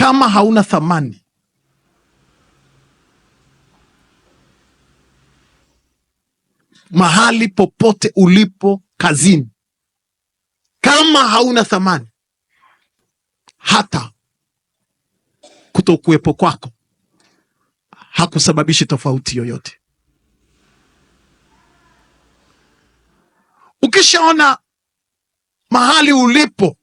kama hauna thamani. Mahali popote ulipo, kazini, kama hauna thamani, hata kutokuwepo kwako hakusababishi tofauti yoyote. Ukishaona mahali ulipo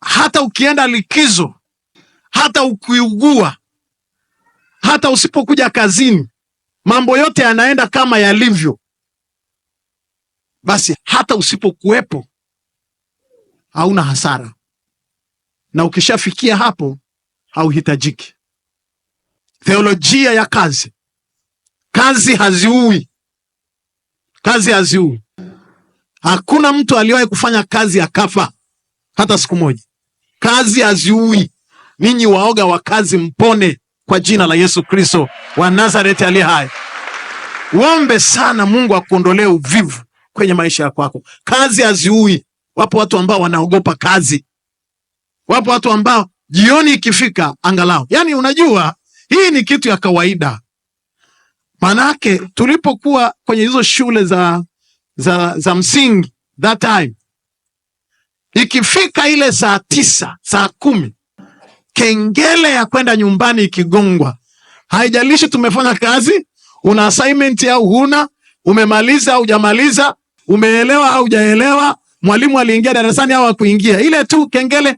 hata ukienda likizo, hata ukiugua, hata usipokuja kazini, mambo yote yanaenda kama yalivyo, basi hata usipokuwepo hauna hasara, na ukishafikia hapo hauhitajiki. Theolojia ya kazi. Kazi haziui, kazi haziui. Hakuna mtu aliwahi kufanya kazi akafa hata siku moja. Kazi haziui. Ninyi waoga wa kazi, mpone kwa jina la Yesu Kristo wa Nazareti aliye hai. Uombe sana Mungu akuondolee uvivu kwenye maisha ya kwako. Kazi haziui. Wapo watu ambao wanaogopa kazi, wapo watu ambao jioni ikifika angalau, yani unajua hii ni kitu ya kawaida. Manake tulipokuwa kwenye hizo shule za, za, za msingi that time Ikifika ile saa tisa, saa kumi, kengele ya kwenda nyumbani ikigongwa, haijalishi tumefanya kazi, una assignment au huna, umemaliza au hujamaliza, umeelewa au hujaelewa, mwalimu aliingia darasani au hakuingia, ile tu kengele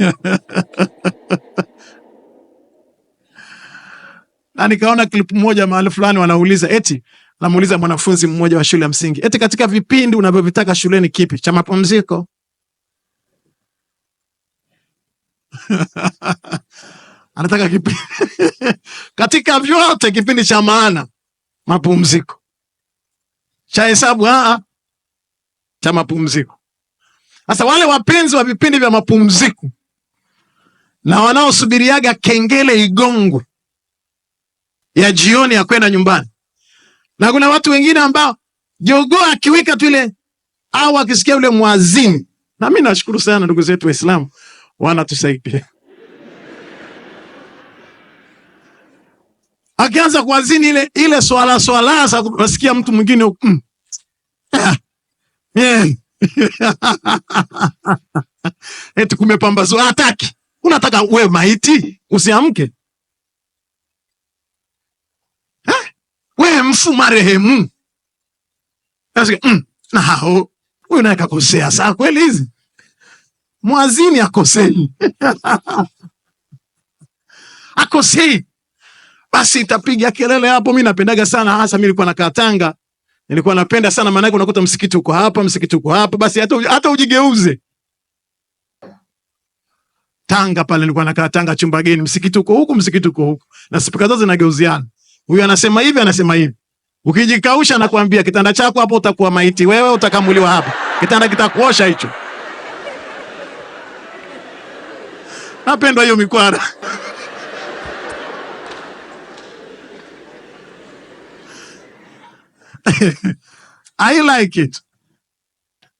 na nikaona klipu moja mahali fulani wanauliza eti Namuuliza mwanafunzi mmoja wa shule ya msingi, eti katika vipindi unavyovitaka shuleni kipi cha mapumziko? anataka kipindi katika vyote, kipindi cha maana mapumziko, cha hesabu ah, ah. cha mapumziko. Sasa wale wapenzi wa vipindi vya mapumziko na wanaosubiriaga kengele igongwe ya jioni ya kwenda nyumbani na kuna watu wengine ambao jogoo akiwika tu ile au akisikia ule mwazini, na mi nashukuru sana ndugu zetu Waislamu wanatusaidia akianza kuwazini ile ile swala swala, nasikia mtu mwingine mm. yeah. eti kumepambazwa, hataki unataka uwe maiti usiamke. we mfu marehemu mm, nao huyu naye kakosea saa kweli hizi mwazini akosei akosei basi itapiga kelele hapo. Mi napendaga sana hasa, mi nilikuwa nakaa Tanga, nilikuwa napenda sana maanake, unakuta msikiti uko hapa, msikiti uko hapa, basi hata hata ujigeuze. Tanga pale nilikuwa nakaa Tanga chumba geni, msikiti uko huku, msikiti uko huku, na spika zote zinageuziana huyu anasema hivi, anasema hivi. Ukijikausha nakwambia kitanda chako hapo utakuwa maiti, wewe utakamuliwa hapa, kitanda kitakuosha hicho. Napendwa hiyo mikwara I like it.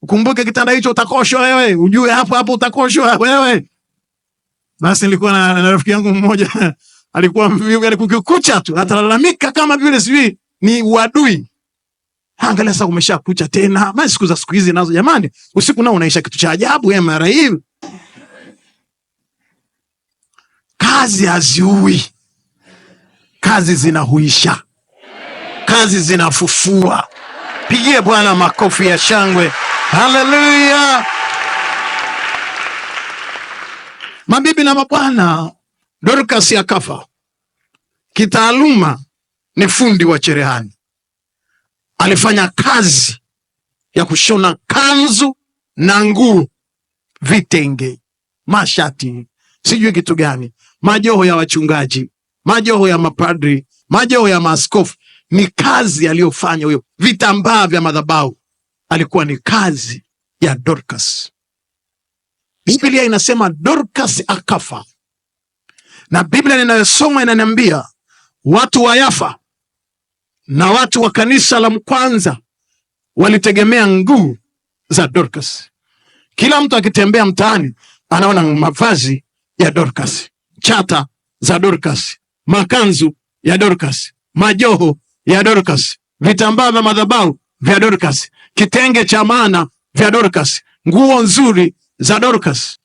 Ukumbuke kitanda hicho utakoshwa wewe, ujue hapo hapo utakoshwa wewe. Basi nilikuwa na, na rafiki yangu mmoja alikuwa yani kukikucha tu atalalamika kama vile sijui ni uadui. Angalia sasa umeshakucha tena. Basi siku za siku hizi nazo jamani, usiku nao unaisha kitu cha ajabu eh, mara hii. Kazi haziui. Kazi zinahuisha. Kazi zinafufua. Pigie Bwana makofi ya shangwe. Haleluya. Mabibi na mabwana Dorcas akafa. Kitaaluma ni fundi wa cherehani, alifanya kazi ya kushona kanzu na nguo, vitenge, mashati, sijui kitu gani, majoho ya wachungaji, majoho ya mapadri, majoho ya maaskofu, ni kazi aliyofanya huyo. Vitambaa vya madhabahu alikuwa ni kazi ya Dorcas. Biblia inasema Dorcas akafa na Biblia ninayosoma inaniambia watu wa Yafa na watu wa kanisa la mkwanza walitegemea nguu za Dorcas. Kila mtu akitembea mtaani anaona mavazi ya Dorcas, chata za Dorcas, makanzu ya Dorcas, majoho ya Dorcas, vitambaa vya madhabau vya Dorcas, kitenge cha maana vya Dorcas, nguo nzuri za Dorcas.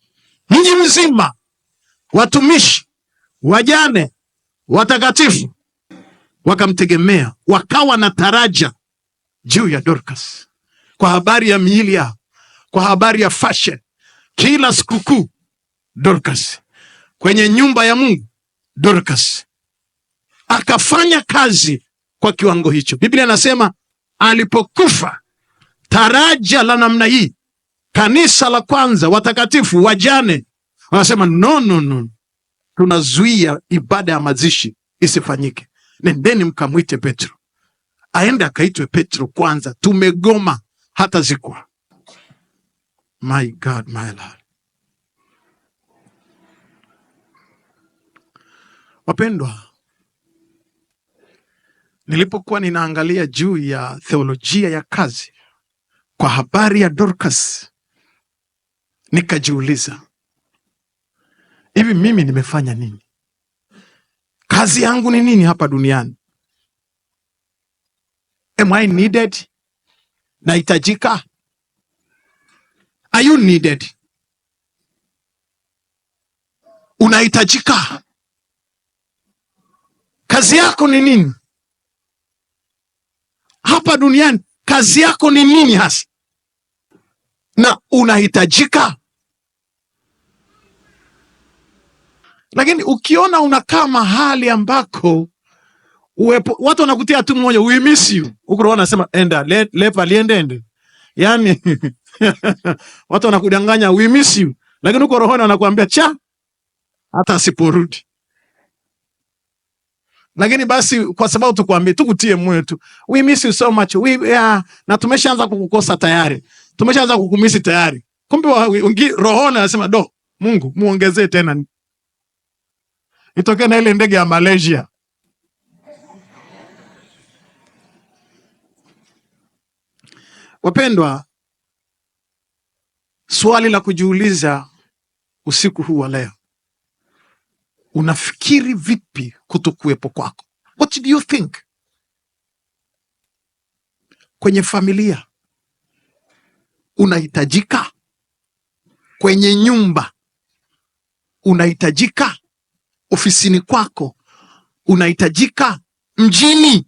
Mji mzima watumishi wajane, watakatifu wakamtegemea, wakawa na taraja juu ya Dorcas kwa habari ya miili yao, kwa habari ya fashion. Kila sikukuu Dorcas kwenye nyumba ya Mungu, Dorcas akafanya kazi kwa kiwango hicho. Biblia anasema alipokufa, taraja la namna hii, kanisa la kwanza, watakatifu, wajane wanasema no, no, no tunazuia ibada ya mazishi isifanyike. Nendeni mkamwite Petro, aende akaitwe Petro kwanza. Tumegoma hata zikwa. My God, my Lord. Wapendwa, nilipokuwa ninaangalia juu ya theolojia ya kazi kwa habari ya Dorcas, nikajiuliza hivi mimi nimefanya nini? Kazi yangu ni nini hapa duniani? Am I needed? Nahitajika? Are you needed? Unahitajika? Kazi yako ni nini hapa duniani? Kazi yako ni nini hasa, na unahitajika? Lakini ukiona unakaa mahali ambako uwepo, watu wanakutia tu mmoja, we miss you huko, roho anasema enda le, lepa liende ende, yani watu wanakudanganya we miss you, lakini huko cha hata Lakini basi kwa sababu tukwambie, tukutie moyo tu, we miss you so much we, yeah, na tumeshaanza kukukosa tayari, tumeshaanza kukumisi tayari. Kumbe anasema do, Mungu muongezee tena itokee na ile ndege ya Malaysia. Wapendwa, swali la kujiuliza usiku huu wa leo, unafikiri vipi kutokuwepo kwako? What do you think? Kwenye familia unahitajika? Kwenye nyumba unahitajika? ofisini kwako unahitajika, mjini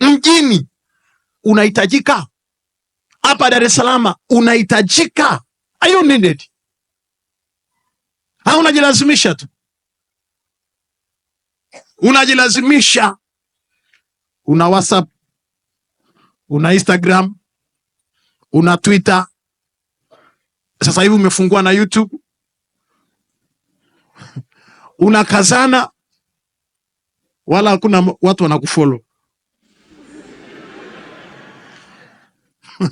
mjini unahitajika, hapa Dar es Salaam unahitajika. I Ha, unajilazimisha tu, unajilazimisha, una WhatsApp, una Instagram, una Twitter, sasa hivi umefungua na YouTube unakazana, wala hakuna watu wanakufollow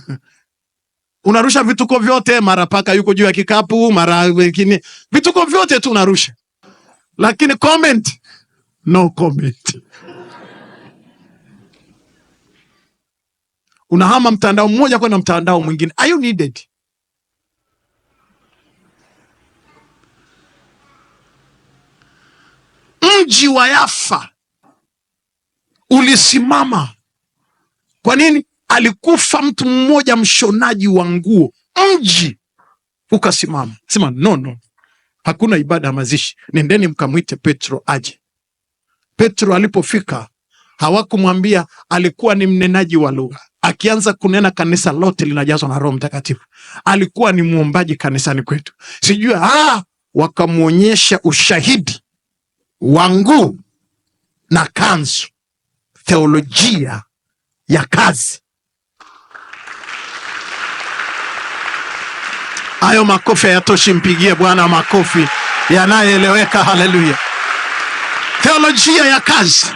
unarusha vituko vyote, mara paka yuko juu ya kikapu, mara wengine vituko vyote tu unarusha, lakini comment no comment. Unahama mtandao mmoja kwenda mtandao mwingine, are you needed? mji wa Yafa ulisimama. Kwa nini? Alikufa mtu mmoja mshonaji wa nguo, mji ukasimama. Sema nono, hakuna ibada ya mazishi, nendeni mkamwite Petro aje. Petro alipofika hawakumwambia alikuwa ni mnenaji wa lugha, akianza kunena kanisa lote linajazwa na Roho Mtakatifu. Alikuwa ni mwombaji kanisani kwetu, sijui ah, wakamwonyesha ushahidi wangu na kanzu, theolojia ya kazi. Hayo makofi hayatoshi, mpigie Bwana makofi yanayoeleweka. Haleluya! Theolojia ya kazi.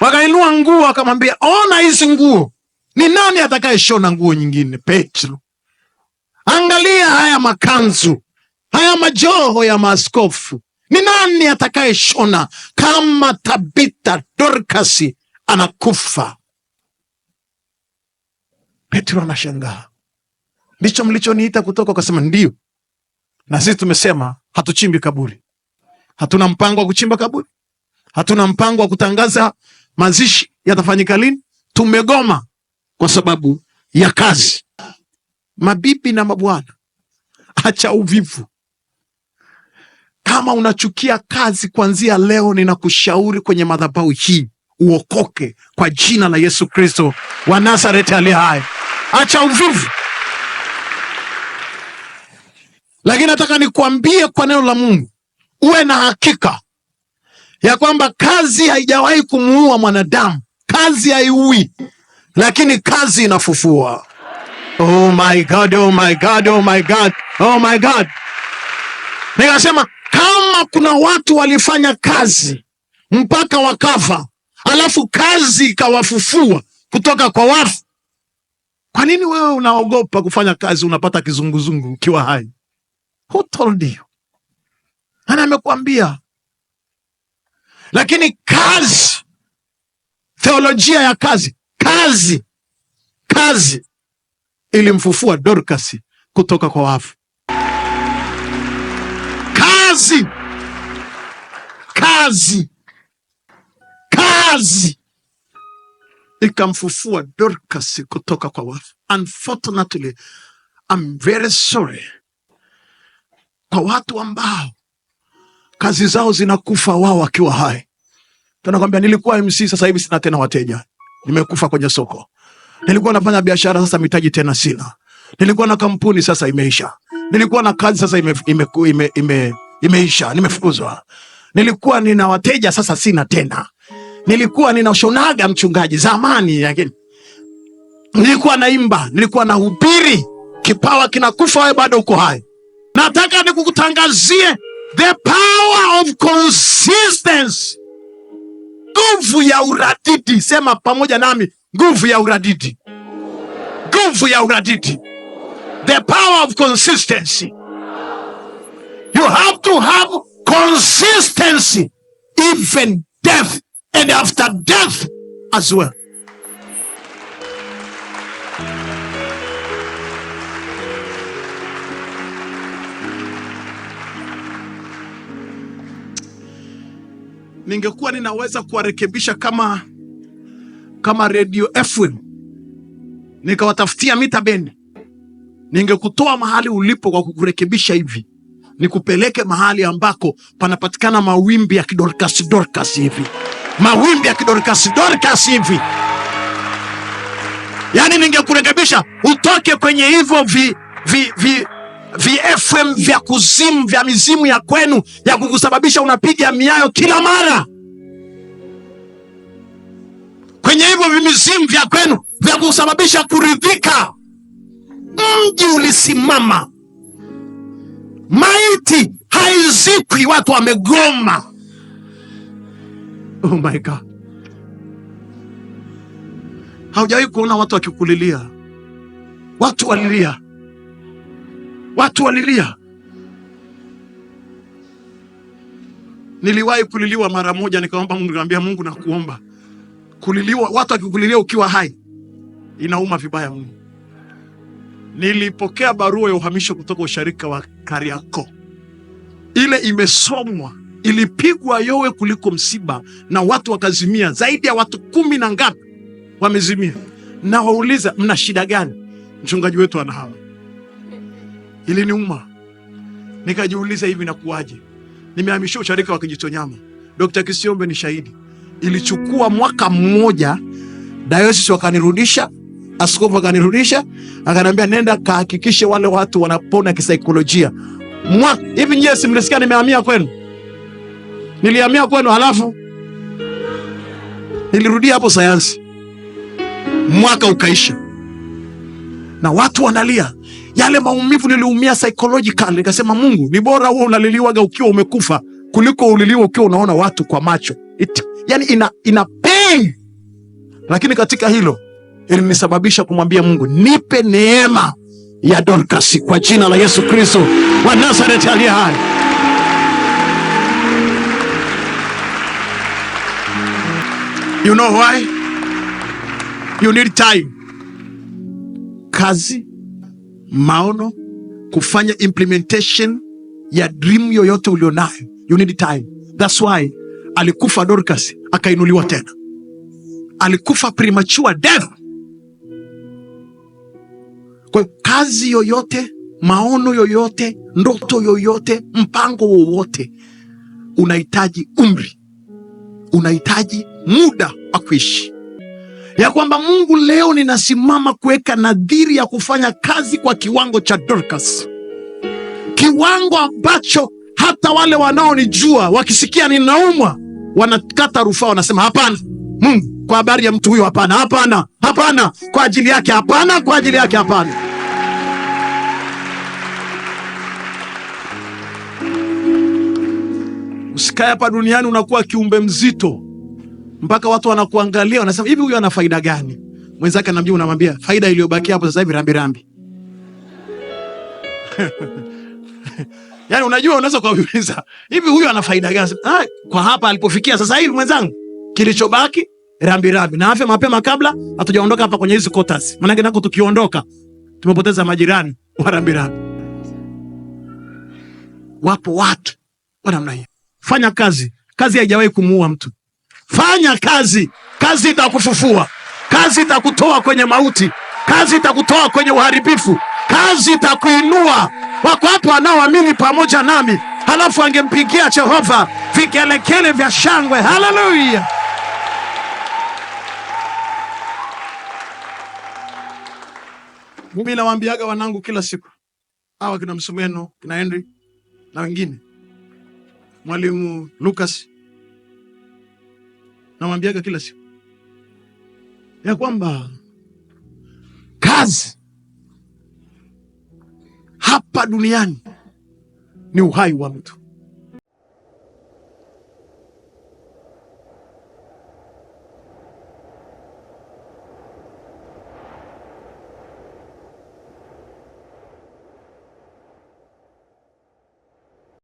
Wakainua nguo, wakamwambia ona hizi nguo, ni nani atakayeshona nguo nyingine? Petro, angalia haya makanzu, haya majoho ya maaskofu ni nani atakayeshona kama Tabita Dorkasi anakufa? Petro anashangaa. Ndicho mlichoniita kutoka, ukasema ndio, na sisi tumesema hatuchimbi kaburi, hatuna mpango wa kuchimba kaburi, hatuna mpango wa kutangaza mazishi yatafanyika lini. Tumegoma kwa sababu ya kazi. Mabibi na mabwana, acha uvivu, kama unachukia kazi kuanzia leo, ninakushauri kwenye madhabahu hii uokoke kwa jina la Yesu Kristo wa Nazareti aliye hai. Acha uvivu. Lakini nataka nikuambie kwa neno la Mungu, uwe na hakika ya kwamba kazi haijawahi kumuua mwanadamu. Kazi haiui, lakini kazi inafufua. Oh my God, oh my God, oh my God, oh my God. Nikasema kama kuna watu walifanya kazi mpaka wakafa, alafu kazi ikawafufua kutoka kwa wafu, kwa nini wewe unaogopa kufanya kazi? Unapata kizunguzungu ukiwa hai. Who told you? Nani amekuambia? Lakini kazi, theolojia ya kazi, kazi, kazi ilimfufua Dorkasi kutoka kwa wafu. Kazi kazi kazi ikamfufua Dorcas kutoka kwa wafu. Unfortunately, I'm very sorry kwa watu ambao kazi zao zinakufa wao wakiwa hai. Tunakwambia nilikuwa MC, sasa hivi sina tena wateja, nimekufa kwenye soko. Nilikuwa nafanya biashara, sasa mitaji tena sina. Nilikuwa na kampuni, sasa imeisha. Nilikuwa na kazi, sasa ime, ime, ime, ime, imeisha, nimefukuzwa. Nilikuwa nina wateja, sasa sina tena. Nilikuwa ninashonaga mchungaji zamani, lakini nilikuwa naimba, nilikuwa nahubiri. Kipawa kinakufa, wewe bado uko hai. Nataka nikukutangazie the power of consistency, nguvu ya uradidi. Sema pamoja nami, nguvu ya uradidi, nguvu ya uradidi, the power of consistency. You have to have consistency even death and after death as well. Ningekuwa ninaweza kuwarekebisha kama kama Radio FM, nikawatafutia mita bendi, ningekutoa mahali ulipo kwa kukurekebisha hivi nikupeleke mahali ambako panapatikana mawimbi ya kidorkasi hivi, mawimbi ya kidorkasi hivi. Yaani ningekurekebisha utoke kwenye hivyo vi, vi, vi vfm vya kuzimu vya mizimu ya kwenu ya kukusababisha unapiga miayo kila mara kwenye hivyo vimizimu vya kwenu vya kusababisha kuridhika. Mji ulisimama Maiti haizikwi, watu wamegoma. Oh my God, haujawahi kuona watu wakikulilia? Watu walilia, watu walilia. Niliwahi kuliliwa mara moja, nikaomba Mungu, nikamwambia Mungu, nakuomba kuliliwa, watu wakikulilia ukiwa hai inauma vibaya Mungu. Nilipokea barua ya uhamisho kutoka usharika wa Kariako. Ile imesomwa ilipigwa yowe kuliko msiba, na watu wakazimia. Zaidi ya watu kumi na ngapi wamezimia, na wauliza, mna shida gani? Mchungaji wetu anahama. Iliniuma, nikajiuliza, hivi nakuwaje? Nimehamishia usharika wa Kijitonyama. Dr. Kisiombe ni shahidi. Ilichukua mwaka mmoja, dayosisi wakanirudisha Askofu akanirudisha akanambia, nenda kahakikishe wale watu wanapona kisaikolojia. Hivi nyie simlisikia nimehamia kwenu? Nilihamia kwenu, halafu nilirudia hapo sayansi. Mwaka ukaisha na watu wanalia yale maumivu niliumia psychological. Nikasema Mungu, ni bora huo unaliliwaga ukiwa umekufa kuliko uliliwa ukiwa unaona watu kwa macho It, yani ina, ina pain, lakini katika hilo ilinisababisha kumwambia Mungu, nipe neema ya Dorkasi kwa jina la Yesu Kristo wa Nazareti aliye hai. You know why? You need time. Kazi, maono, kufanya implementation ya dream yoyote ulionayo, you need time. That's why alikufa Dorcas akainuliwa tena, alikufa premature death kwa hiyo kazi yoyote, maono yoyote, ndoto yoyote, mpango wowote unahitaji umri, unahitaji muda wa kuishi, ya kwamba Mungu, leo ninasimama kuweka nadhiri ya kufanya kazi kwa kiwango cha Dorcas, kiwango ambacho hata wale wanaonijua wakisikia ninaumwa wanakata rufaa, wanasema hapana, Mungu kwa habari ya mtu huyo. Hapana, hapana, hapana kwa ajili yake, hapana kwa ajili yake, hapana. Usikae hapa duniani unakuwa kiumbe mzito mpaka watu wanakuangalia wanasema, hivi huyu ana faida gani? Mwenzake anamjua, unamwambia faida iliyobakia hapo sasa hivi rambirambi. Yani unajua, unaweza kuwauliza hivi huyu ana faida gani? Ah, kwa hapa alipofikia sasa hivi mwenzangu, kilichobaki rambi rambi na afya mapema kabla hatujaondoka hapa kwenye hizi quotas. Maana nako tukiondoka tumepoteza majirani wa rambi rambi. Wapo watu wa namna hiyo. Fanya kazi. Kazi haijawahi kumuua mtu. Fanya kazi. Kazi itakufufua. Kazi itakutoa kwenye mauti. Kazi itakutoa kwenye uharibifu. Kazi itakuinua. Wako watu wanaoamini pamoja nami, halafu angempigia Jehova vikelekele vya shangwe. Haleluya! Mimi nawaambiaga wanangu kila siku, hawa kina Msumeno, kina Henry na wengine, mwalimu Lucas, nawaambiaga kila siku ya kwamba kazi hapa duniani ni uhai wa mtu.